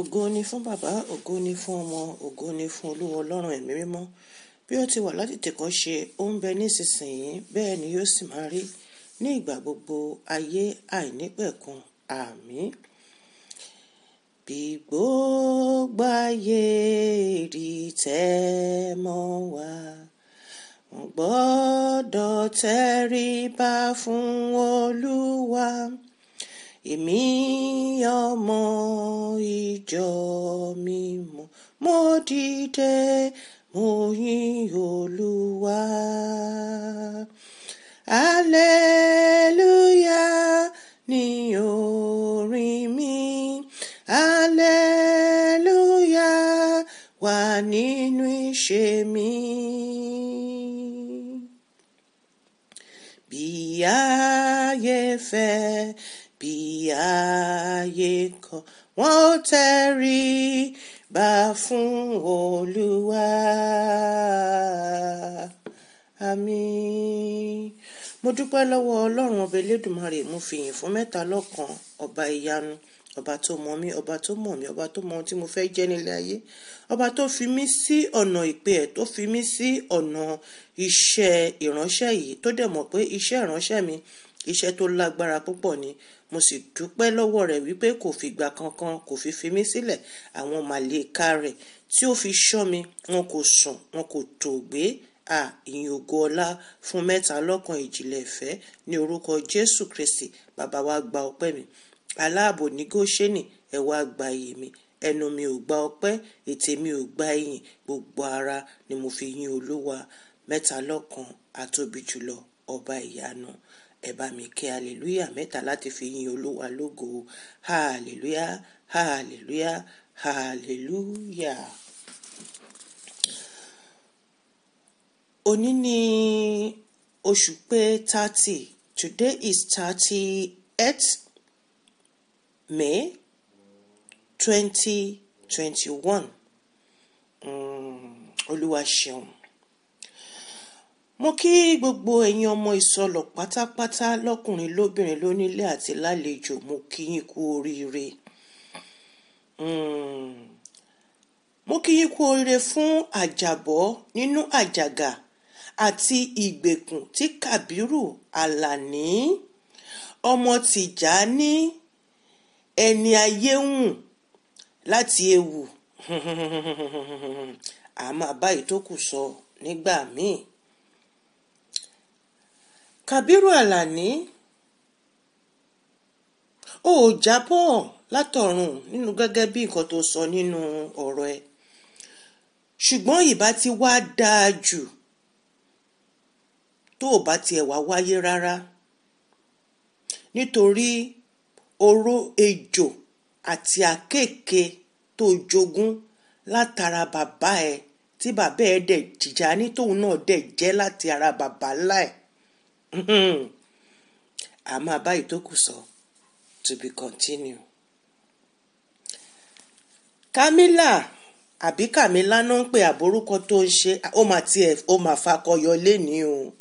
ògo ni fún bàbá ògo ni fún ọmọ ògo ni fún olúwa ọlọ́run ẹ̀mí mímọ́ bí ó ti wà láti tèkọ́ ṣe ó ń bẹ nísinsìnyí bẹ́ẹ̀ ni yóò sì máa rí ní ìgbà gbogbo ayé àìnípẹ̀kun àmín. bí gbogbo ayé rí tẹ́ mọ́ wa wọ́n gbọ́dọ̀ tẹríba fún olúwa èmi ọmọ ìjọ mímọ́ mo dìde mo yìn olúwa aleluya ni orin mi aleluya wà nínú ìṣe mi. Bí ayé fẹ́ bí ayé kan wọ́n ó tẹríba fún Olúwa. Àmín. Mo dúpẹ́ lọ́wọ́ Ọlọ́run ọba Elédùmarè mo fìyìn fún mẹ́ta lọ́kan ọba ìyanu ọba tó mọ mí ọba tó mọ mí ọba tó mọ ohun tí mo fẹ́ jẹ́ nílé ayé ọba tó fi mí sí ọ̀nà ìpè ẹ̀ tó fi mí sí ọ̀nà iṣẹ́ ìránṣẹ́ yìí tó dẹ̀ mọ̀ pé iṣẹ́ ìránṣẹ́ mi iṣẹ́ tó lágbára púpọ̀ ni mo sì dúpẹ́ lọ́wọ́ rẹ̀ wípé kò fìgbà kankan kò fi fi mí sílẹ̀ àwọn màlẹ́ka rẹ̀ tí ó fi ṣọ́ mi wọn kò sùn wọn kò tòògbé à ìyìn ògo ọlá fún mẹ́ta lọ́kan ìjìnlẹ̀ ìfẹ́ ní orúkọ jésù kristi bàbá wa gba ọpẹ́ mi aláàbò ní góṣẹ́nì ẹ wá gba iyì mi ẹnu mi ò gba ọpẹ́ ètè mi ò gba ìyìn gbogbo ara ni mo fi yìn olúwa mẹ́ta lọ́kan àtóbi jùlọ ọba ìyanu ẹ bá mi ké hallelujah mẹ́ta láti fi yin olúwa lógo hallelujah hallelujah hallelujah. òní ni oṣù pé thirty today is thirty eight May twenty twenty one mm, olúwa ṣeun mo kí gbogbo ẹ̀yin ọmọ ìsọlọ̀ pátápátá lọ́kùnrin lóbìnrin lónílé àti lálejò mo kí yín kú oríire hmm. mo kí yín kú oríire fún àjàbọ́ nínú àjàgà àti ìgbèkùn tí Kàbírù Àlàní ọmọ Tìjání ẹni ayé ń wù láti ewu a máa bá ìtókù sọ nígbà míì. Kabiru alani ó jábọ́ látọ̀run nínú gẹ́gẹ́ bí nǹkan tó sọ nínú ọ̀rọ̀ ẹ̀ ṣùgbọ́n ìbá ti wá dáa jù tó o bá tiẹ̀ wá wáyé rárá nítorí oró ejò àti àkéèké tó jogún látara bàbá ẹ tí bàbá ẹ dẹ̀ Tìjání tóun náà dẹ̀ jẹ́ láti ara bàbá ńlá ẹ̀ a máa bá ìtókù sọ to be continued. Kamila àbí Kamila, náà ń pè àbórúkọ tó ń ṣe ó máa tiẹ̀ ó máa fakọyọ léni o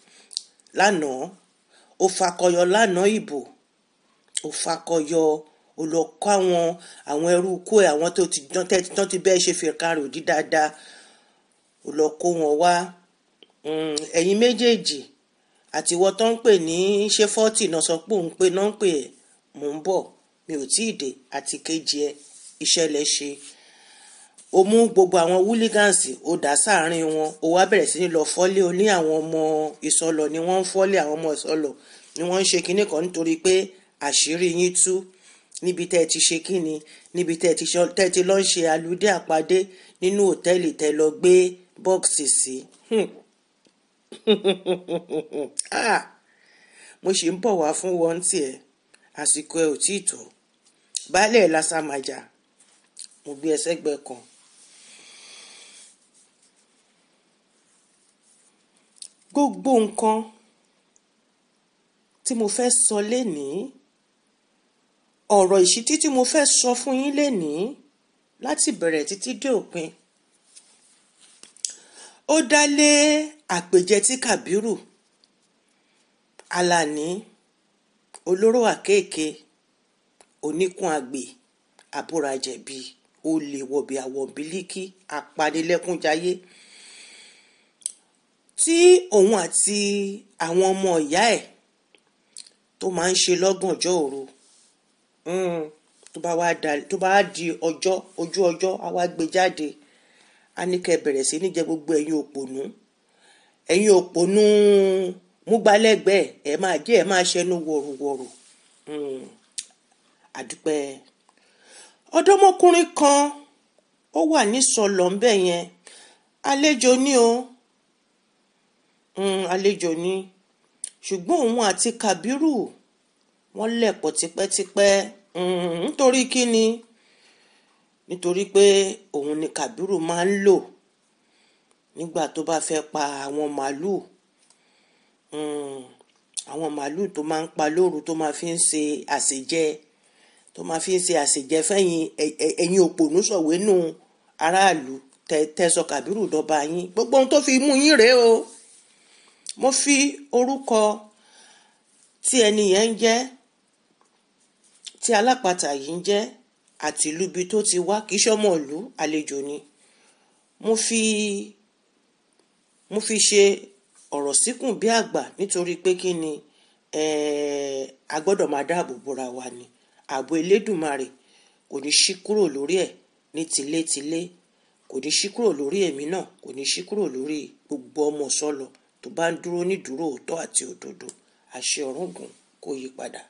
lánàá ó fakọyọ lánàá ìbò ó fakọyọ ó lọ kọ àwọn àwọn ẹrú kó ẹ àwọn tó ti dán tẹ́tí tán ti bẹ́ẹ̀ ṣe fìkà rò dí dáadáa ó lọ kó wọn wá hmm, ẹ̀yin méjèèjì àti ìwọ tó ń pè ní ṣé fọ́tì náà sọ pé òun pé náà ń pè ẹ́ mò ń bọ̀ mi ò tí ì dé àti kejì ẹ ìṣẹ̀lẹ̀ ṣe o mú gbogbo àwọn hooligans o dà sáàrin wọn o wá bẹ̀rẹ̀ sí ní lọ fọ́lé o ní àwọn ọmọ ìsọlọ ni wọ́n ń fọ́lé àwọn ọmọ ìsọlọ ni wọ́n ń ṣe kinní kan nítorí pé àṣírí yín tú níbi tẹ́ ẹ ti ṣe kíni níbi tẹ́ ẹ ti lọ ń ṣe àlùdé àpadé nínú òtẹ́ẹ̀lì tẹ́ lọ gbé bọ́ọ̀sì sí. Hmm. ah mo ṣì ń bọ̀ wá fún wọn tiẹ̀ àsìkò ẹ ò tí ì tó baálé lásàmájà mo gbé ẹsẹ́gbẹ́ kan gbogbo nǹkan tí mo fẹ́ sọ lénìí ọ̀rọ̀ ìṣítí tí mo fẹ́ sọ fún yín lénìí láti bẹ̀rẹ̀ títí dé òpin ó dá lé àpèjẹ tí kábírù alani olóró àkéèké oníkun àgbè àbúrajẹ̀bi olè wọ̀bì àwọ̀bílíkì apanilẹ́kúnjayé tí òun àti àwọn ọmọ ìyá ẹ̀ tó máa ń ṣe lọ́gànjọ́ òru hmm, tó bá wá di ọjọ́ ojú ọjọ́ á wá gbé jáde á ní kẹ́ bẹ̀rẹ̀ sí ní jẹ gbogbo ẹ̀yin òpònú. No? ẹ̀yin òpònú múgbálẹ́gbẹ̀ẹ́ ẹ̀ máa jẹ́ ẹ̀ máa ṣẹnu wọ̀rùwọ̀rù hmm, àdúpẹ́ ọ̀dọ́mọkùnrin kan ó wà ní sọlọ yẹn àlejò ni o hmm, àlejò ni ṣùgbọ́n òun àti Kàbírù wọ́n lẹ̀pọ̀ tipẹ́tipẹ́ hmm, nítorí kí ni nítorí pé òun ni Kàbírù máa ń lò nígbà tó bá fẹ́ pa àwọn màálù hmm, àwọn màálù tó máa ń pa lóru tó máa fi ń ṣe àṣejẹ tó máa fi ń ṣe àṣejẹ fẹ́yìn ẹ̀yin òpònú sọ̀wénú aráàlú tẹ̀sọ̀ kàbírù dọ́ba yín gbogbo ohun tó fi mú yín rèé o mo fi orúkọ tí ẹni yẹn ń jẹ́ tí alápatà yìí ń jẹ́ àti ìlú ibi tó ti wá kì í ṣọmọ ìlú àlejò ni mo fi mo fi ṣe ọ̀rọ̀ síkùn bí àgbà nítorí pé kí ni eh, a gbọ́dọ̀ máa dáàbò bora wa ni ààbò elédùnmarè kò ní ṣí kúrò lórí ẹ̀ ní tilétilé kò ní ṣí kúrò lórí èmi náà kò ní ṣí kúrò lórí gbogbo ọmọ sọlọ tó bá ń dúró nídúró òótọ́ àti òdodo àṣẹ ọ̀rúngún kò yí padà.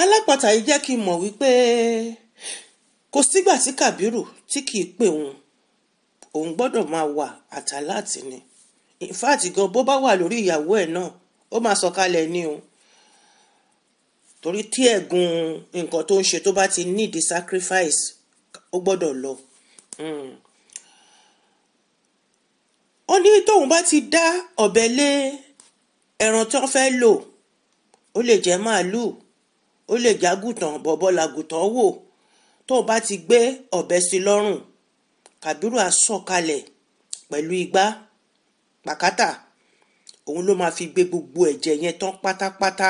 alápàtà yìí jẹ́ kí n mọ̀ wípé kò sígbà tí kàbírù tí kì í pè òun òun gbọ́dọ̀ máa wà àtàláàtì ni in fact gan bó bá wà lórí ìyàwó ẹ̀ náà ó máa sọ̀kalẹ̀ ni o torí tí ẹ̀gùn nǹkan tó ń ṣe tó bá ti need the sacrifice ó gbọ́dọ̀ lọ. Hmm. ó ní tóun bá ti dá ọ̀bẹ lé ẹran tán fẹ́ lò ó lè jẹ́ màálùú ó lè jágùtàn bọ̀bọ̀ làgùtàn wò tóun bá ti gbé ọ̀bẹ sí lọ́rùn Kàbírù á sọ̀kalẹ̀ pẹ̀lú igbá pàkátà òun ló máa fi gbé gbogbo ẹ̀jẹ̀ yẹn tán pátápátá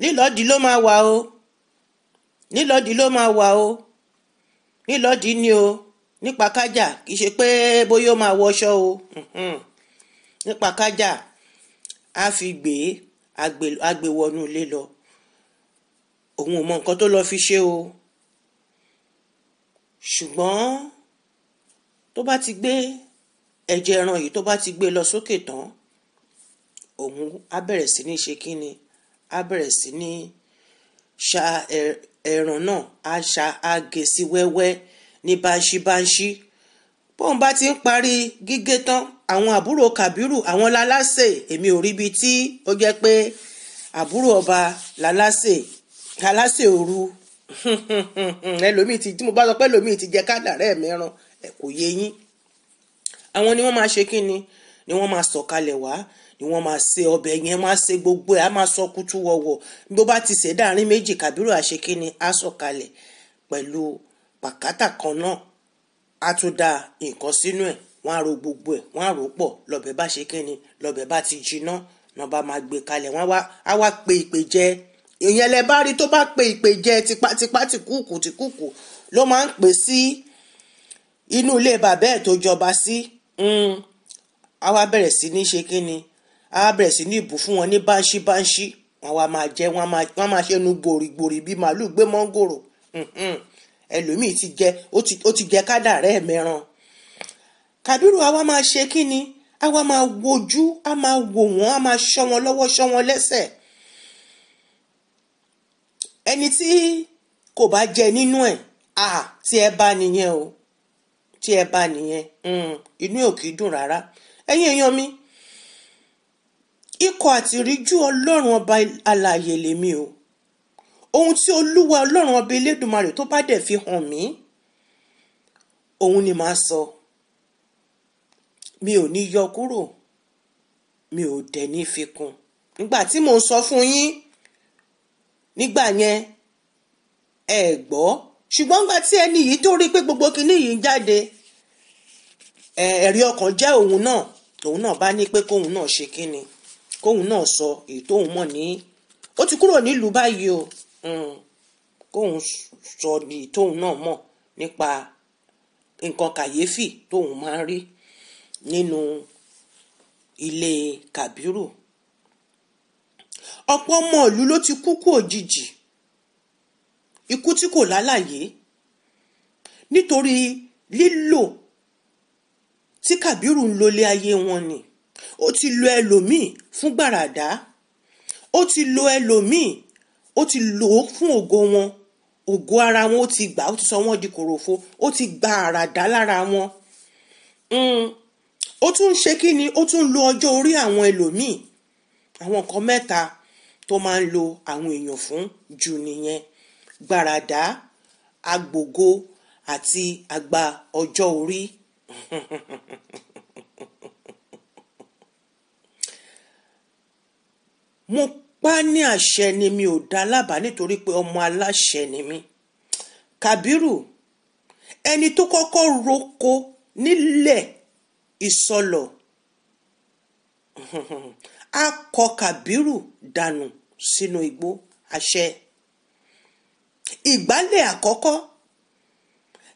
nílọ́ọ̀dì ló máa wà o nílọ́ọ̀dì ló máa wà o nílọ́ọ̀dì ni o nípa kájà kì í ṣe pé bóyá ó máa wọṣọ o nípa kájà á fi gbé agbèwọ̀nù ilé lọ òun ò mọ nǹkan tó lọ́ọ́ fi ṣe o ṣùgbọ́n tó bá ti gbé ẹ̀jẹ̀ ẹran yìí tó bá ti gbé lọ sókè tán òun á bẹ̀rẹ̀ sí ní ṣe kí ni á bẹ̀rẹ̀ sí ní ṣa ẹran náà á ṣa á gé sí wẹ́wẹ́ ní báńṣíbáńṣí bóun bá ti ń parí gígé tán àwọn àbúrò kàbírù àwọn lálásè èmi ò ríbi tí ó jẹ́ pé àbúrò ọba lálásè lálásè òru ẹlòmíì ti tí mo bá sọ pé ẹlòmíì ti jẹ kádàrẹ́ mi rán ẹ kò yé yín àwọn ni wọ́n máa ṣe kíni ni wọ́n máa sọ̀kalẹ̀ wá ni wọ́n máa ṣe ọbẹ̀ yẹn máa ṣe gbogbo ẹ̀ á máa sọ kútú wọ̀wọ̀ bó bá ti ṣẹ̀ dáàrin méjì kàbírò àṣekíni á sọ̀kalẹ̀ pẹ̀lú pàkátà kan náà á tún da nǹkan sínú ẹ̀ wọ́n á ro gbogbo ẹ̀ wọ́n á rò pọ̀ lọ́bẹ̀ bá ṣe kíni lọ́bẹ̀ bá ti jiná náà bá máa gbé kalẹ̀ wọ́n á wá pe ìpè jẹ́ ìyẹn lẹ bá rí tó bá pe ìpèjẹ tipátipá tìkúùkù tìkúùkù ló máa ń pè sí inú ilé bàbá ẹ̀ tó jọba sí hmm. a wá bẹ̀rẹ̀ sí ní ṣe ni a wá bẹ̀rẹ̀ sí ní ìbù fún wọn ní báńṣí báńṣí wọn wá máa jẹ wọn máa ṣe nu gbòrìgbòrì bíi màálù gbé mọ́ngòrò ẹlòmíì ti jẹ ó ti jẹ kádàrá ẹ̀ mẹ́ran Kàbírù àwa máa ṣe kíni àwa máa wojú a máa wò wọ́n a máa ṣọ́ wọn lọ́wọ́ ṣọ́ wọn lẹ́sẹ̀ ẹni tí kò bá jẹ nínú ẹ̀ à tí ẹ bá nìyẹn o tí ẹ bá nìyẹn mm, inú ẹ̀ ò kì í dùn rárá ẹ̀yin èèyàn mi ikọ̀ àtìríjú ọlọ́run ọba alààyè lèmi o ohun tí olúwa ọlọ́run ọba elédùnmarè tó bá dẹ̀ fi hàn mí òun ni màá sọ mi ò ní yọ kúrò mi ò dẹ̀ ní fi nígbà tí mò ń sọ fún yín nígbà yẹn ẹ gbọ́ ṣùgbọ́n gba tí ẹni yìí tó rí pé gbogbo kinní yìí ń jáde ẹ̀rí ọkàn jẹ́ òun náà òun náà bá ní pé kóun náà ṣe kíni kóun náà sọ èyí tóun mọ̀ ní ó ti kúrò nílùú báyìí o hmm. kóun sọ èyí tóun náà mọ̀ nípa nǹkan kàyéfì tóun máa ń rí nínú ilé Kàbírù ọ̀pọ̀ ọmọ ìlú ló ti kú kú òjijì ikú tí kò lálàyé nítorí lílò tí Kàbírù ń lólé ayé wọn ni ó ti lo ẹlòmíì fún gbàràdá ó ti lo ẹlòmíì ó ti lò ó fún ògo wọn ògo ara wọn ó ti gbà ó ti sọ wọn di kòròfo ó ti gba àràdá lára wọn hmm, ó tún ń ṣe kí ni ó tún ń lo ọjọ́ orí àwọn ẹlòmíì àwọn nǹkan mẹ́ta tó máa ń lo àwọn èèyàn fún jù nìyẹn gbàràdá agbògo àti àgbà ọjọ́ orí. mo pa ní àṣẹ ni mi ò dá lábàá nítorí pé ọmọ aláṣẹ ni mi Kàbírù ẹni tó kọ́kọ́ roko nílẹ̀ ìsọlọ̀ a kọ Kàbírù dànù sínú igbó àṣẹ. ìgbálẹ̀ àkọ́kọ́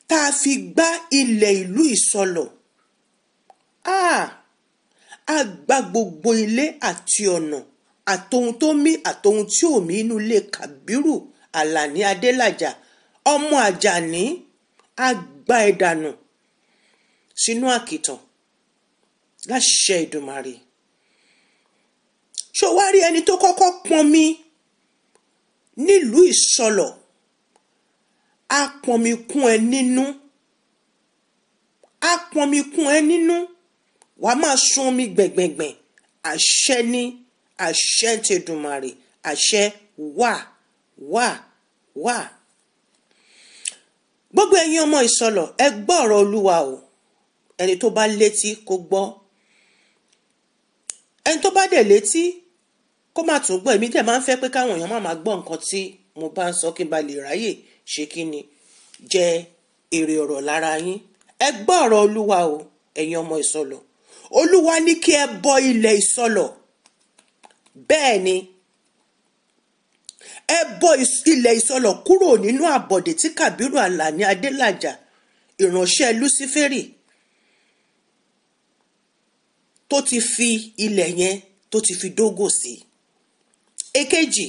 tá a fi gbá ilẹ̀ ìlú ìsọlọ̀ ah, a gba gbogbo ilé àti ọ̀nà àtohun tó mí àtohun tí ò mí inú ilé Kàbírù Àlàní Adélàjà ọmọ Àjàní a gba ẹ̀ dànù sínú àkìtàn láṣẹ Èdùmàrè ṣó wá rí ẹni tó kọ́kọ́ pọnmi nílùú ìsọlọ̀ á pọnmi kún ẹ nínú á pọnmi kún ẹ nínú wà á máa sun omi gbẹ̀gbẹ̀gbẹ̀ àṣẹ ni àṣẹ ti dùnmàrè àṣẹ wà wà wà. gbogbo ẹ̀yin ọmọ ìsọlọ̀ ẹ gbọ́ ọ̀rọ̀ olúwa o ẹni tó bá létí kó gbọ́ ẹni tó bá dẹ̀ létí kó má tún gbọ́ èmi dẹ̀ máa ń fẹ́ pé káwọn èèyàn má máa gbọ́ nǹkan tí mo bá ń sọ kí n ba lè ráyè ṣe kí ni jẹ èrè ọ̀rọ̀ lára yín ẹ gbọ́ ọ̀rọ̀ olúwa o ẹ̀yin ọmọ ìsọlọ̀ olúwa ní kí ẹ bọ ilẹ̀ ìsọlọ̀ bẹ́ẹ̀ ni ẹ bọ ilẹ̀ ìsọlọ̀ kúrò nínú àbọ̀dè tí kàbírù àlàní adélàjà ìránṣẹ́ lúsíférì tó ti fi ilẹ̀ yẹn tó ti fi dógò sí i èkejì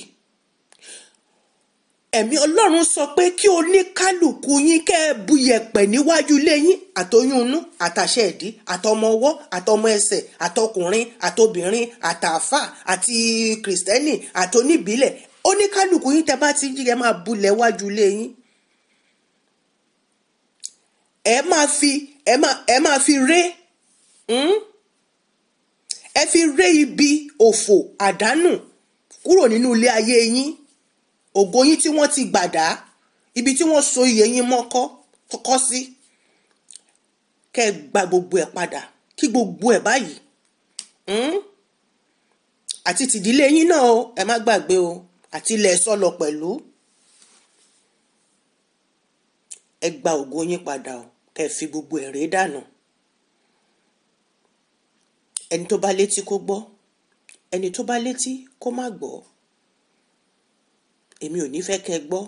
ẹ̀mí ọlọ́run sọ pé kí oníkálùkù yín kẹ́ ẹ bu yẹ̀pẹ̀ níwájú ilé yín àtoyún inú àtàṣẹ ìdí àtọmọ ọwọ́ àtọmọ ẹsẹ̀ àtọkùnrin àtobìnrin àtàfà àti kìrìsìtẹ́nì àtoníbílẹ̀ oníkálùkù yín tẹ́ bá ti jí ẹ máa bulẹ̀ wájú ilé yín ẹ máa fi ẹ máa ẹ máa fi ré hmm? ẹ fi ré ibi òfò àdánù kúrò nínú ilé ayé yín ògo yín tí wọ́n ti gbàdá ibi tí wọ́n so iye yín mọ́kọ́ kọ́kọ́ sí kẹ́ ẹ gba gbogbo ẹ̀ padà kí gbogbo ẹ̀ báyìí hmm? àti tìdílé yín náà ẹ má gbàgbé o àti ilẹ̀ ẹ̀sọ́ lọ pẹ̀lú ẹ gba ògo yín padà o kẹ́ ẹ fi gbogbo ẹ̀ rèé dànù ẹni tó bá létí kó gbọ́ ẹni tó bá létí kó má gbọ́ èmi ò ní fẹ́ kẹ́ ẹ gbọ́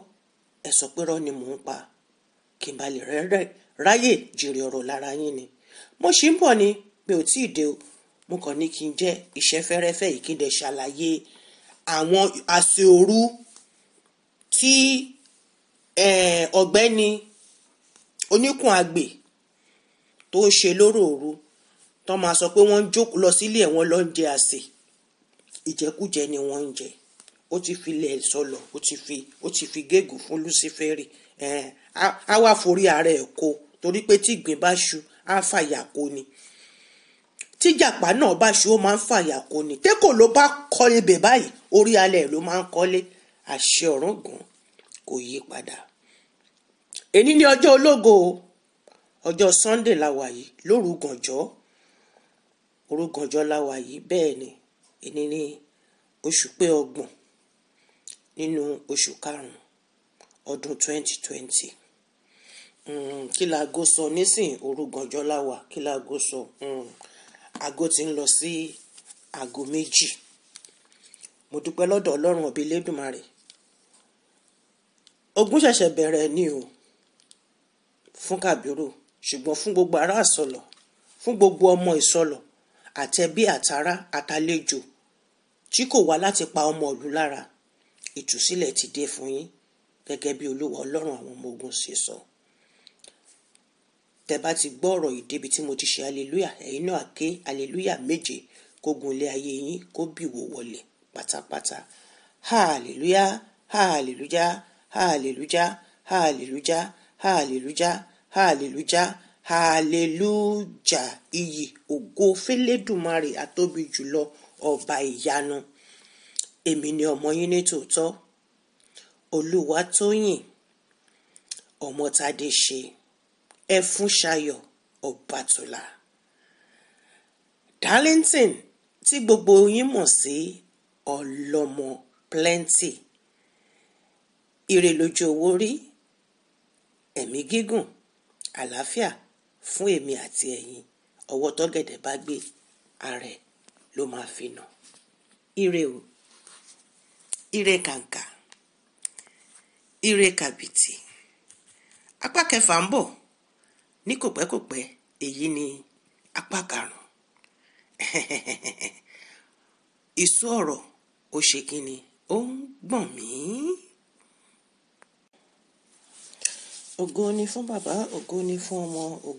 ẹ sọ pé rọ́ ni mò ń pa kí n ba lè rẹ́rẹ́ ráyè jèrè ọ̀rọ̀ lára yín ni mo ṣì ń bọ̀ ni mi ò tí ì dé o mo kàn ní kí n jẹ́ iṣẹ́ fẹ́rẹ́fẹ́ yìí kí n dẹ̀ ṣàlàyé àwọn àṣeòru tí ọ̀gbẹ́ni oníkun àgbè tó ṣe lóròòru tó máa sọ pé wọ́n ń lọ sílé ẹ̀ wọ́n lọ ń jẹ àsè ìjẹkújẹ ni wọ́n ń jẹ ó ti fi ilẹ̀ sọlọ̀ ó ti fi ó ti fi gégùn fún Luciferi á wá forí ara ẹ̀ kó torí pé tí ìgbín bá ṣu á fàyà kó ni tíjàpá náà bá ṣu ó máa ń fàyà kó ni tẹ́kọ̀ ló bá kọ́ ibẹ̀ báyìí orí alẹ̀ ló máa ń kọ́lé àṣẹ ọ̀rọ̀gùn kò yí padà èní ni ọjọ́ ológo ọjọ́ Sunday la wà yìí lóru gànjọ́ òru la wà yìí bẹ́ẹ̀ ni èní ni oṣù pé ọgbọ̀n nínú oṣù karùn ọdún 2020 hmm, kí laago sọ nísìn òru gànjọ́ la wà kí laago sọ aago hmm, ti ń lọ sí aago méjì mo dúpẹ́ lọ́dọ̀ ọlọ́run ọ̀bí lẹ́dùnmarè ogun ṣẹ̀ṣẹ̀ bẹ̀rẹ̀ ni o fún Kàbírù ṣùgbọ́n fún gbogbo ará Ìsọlọ̀ fún gbogbo ọmọ Ìsọlọ̀ àtẹbí àtará àtàlejò tí kò wá láti pa ọmọ ìlú lára ìtúsílẹ̀ ti dé fún yín gẹ́gẹ́ bí olúwa ọlọ́run àwọn ọmọ ogun ṣe sọ. tẹ́ ti gbọ́ ọ̀rọ̀ yìí tí mo ti ṣe hallelujah ẹ̀yin náà ké hallelujah méje kó gunlé ayé yín kó bìwò wọlé pátápátá hallelujah hallelujah hallelujah hallelujah hallelujah hallelujah hallelujah iyì ògo fẹlẹ́dùmarè àtóbi jùlọ ọba ìyanu èmi ni ọmọ yín ní tòótọ́ olúwatóyìn ọmọtadéṣe ẹfúnṣayọ̀ ọbàtúlà darlington tí gbogbo yín mọ̀ sí ọlọ́mọ plenty ire lójú owó rí ẹ̀mí gígùn àlàáfíà fún èmi àti ẹ̀yin ọwọ́ tọ́gẹ̀dẹ̀ bá gbé ààrẹ ló máa fi nà ire o ire kàǹkà ire kàbìtì apá kẹfà ń bọ̀ ní kòpẹ́kòpẹ́ èyí ni apá karùn-ún ìsú ọ̀rọ̀ ó ṣe kínni ó ń gbọ̀n mí. ògo ni fún bàbá ògo ni fún ọmọ ògo.